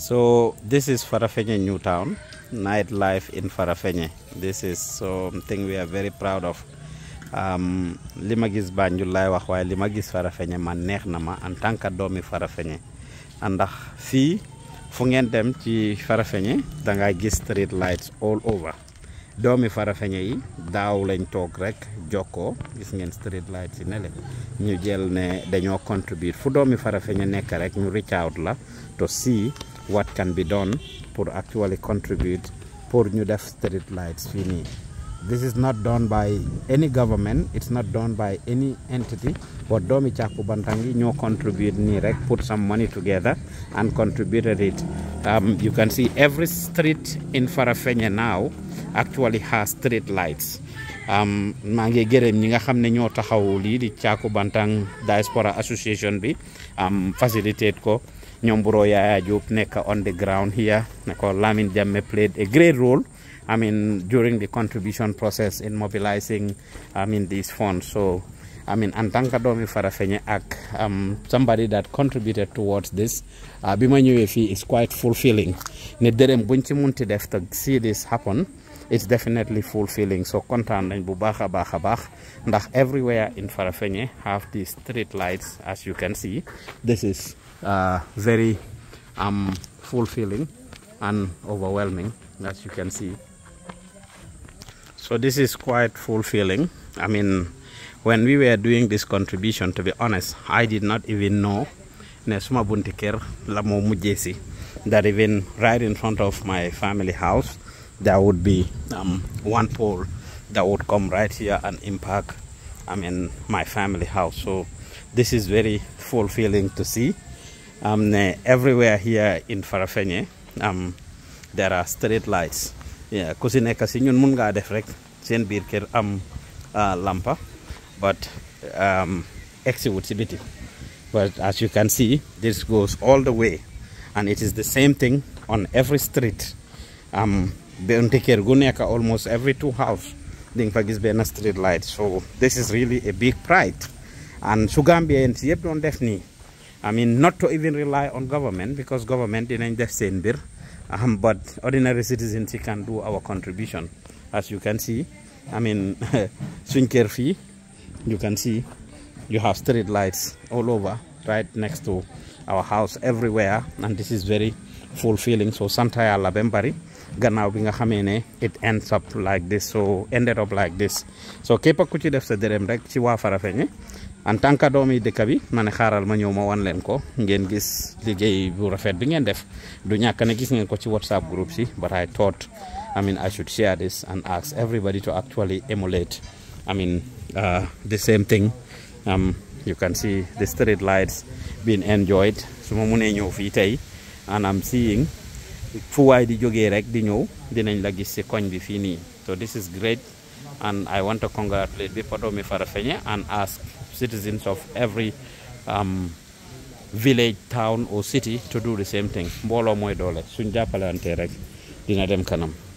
So this is Farafenye New Town, nightlife in Farafenye. This is something we are very proud of. Um, li ma gis Banjul laay wax waaye li ma gis Farafenye man neex na ma en tant que doomi Farafenye ndax fii fu ngeen dem ci Farafenye dangay gis street lights all over doomi Farafenye yi daaw lañ toog rek jokkoo gis ngeen street lights yi nele ñu jël ne dañoo contribute fu doomi Farafenye nekk rek ñu reach out la to see what can be done to actually contribute for new def street lights fii nii this is not done by any government it's not done by any entity but Domi càkku bantangi ñoo contribute nirek, rek put some money together and contributed it um, you can see every street in Farafenni now actually has street lights um, maa ngi gërëm ñi nga xam ne ñoo di bantang diaspora association be um, facilitate ko Nyomburo Yaya Diop Neka on the ground here. Nako Lamin Jamme played a great role. I mean, during the contribution process in mobilizing, I mean, these funds. So, I mean, Antanka Domi Farafenye Ak, um, somebody that contributed towards this, uh, Bima is quite fulfilling. Nederem Bunchimunti Def to see this happen it's definitely fulfilling so kontaan and bu baax a everywhere in Farafenni have these street lights as you can see this is uh, very um, fulfilling and overwhelming as you can see so this is quite fulfilling I mean when we were doing this contribution to be honest I did not even know ne suma bunti Mujesi that even right in front of my family house there would be um, one pole that would come right here and impact I mean my family house so this is very fulfilling to see um, everywhere here in Farafenye um, there are street lights yeah ku si ñun mun def rek seen biir kër am uh, lampa but um, exit biti but as you can see this goes all the way and it is the same thing on every street um, Beontekir Guniaka almost every two halves Dingfagis Bena street light. So this is really a big pride. And Sugambia and Siebdon Defni. I mean not to even rely on government because government didn't just send beer. Um, but ordinary citizens can do our contribution. As you can see, I mean fee. you can see you have street lights all over right next to our house everywhere and this is very fulfilling so santai alabembari gannaaw bi nga xamee ne it ends up like this so ended up like this so képp ku ci def sa dërëm rek ci waa Farafenni en tant que doomi dëkk bi ma ne xaaral ma ñëw ma wan leen ko ngeen gis liggéey bu rafet bi ngeen def du ñàkk ne gis ngeen ko ci whatsapp group si but I thought I mean I should share this and ask everybody to actually emulate I mean uh, the same thing um, you can see the street lights being enjoyed su ma mënee ñëw fii tey and I'm seeing fu waay di jógee rek di ñëw dinañ la gis si koñ bi fii nii so this is great and I want to congratulate bi mi Dipodomi feñe and ask citizens of every um, village, town or city to do the same thing. Mbolo mooy doole suñ jàppalante rek dina dem kanam.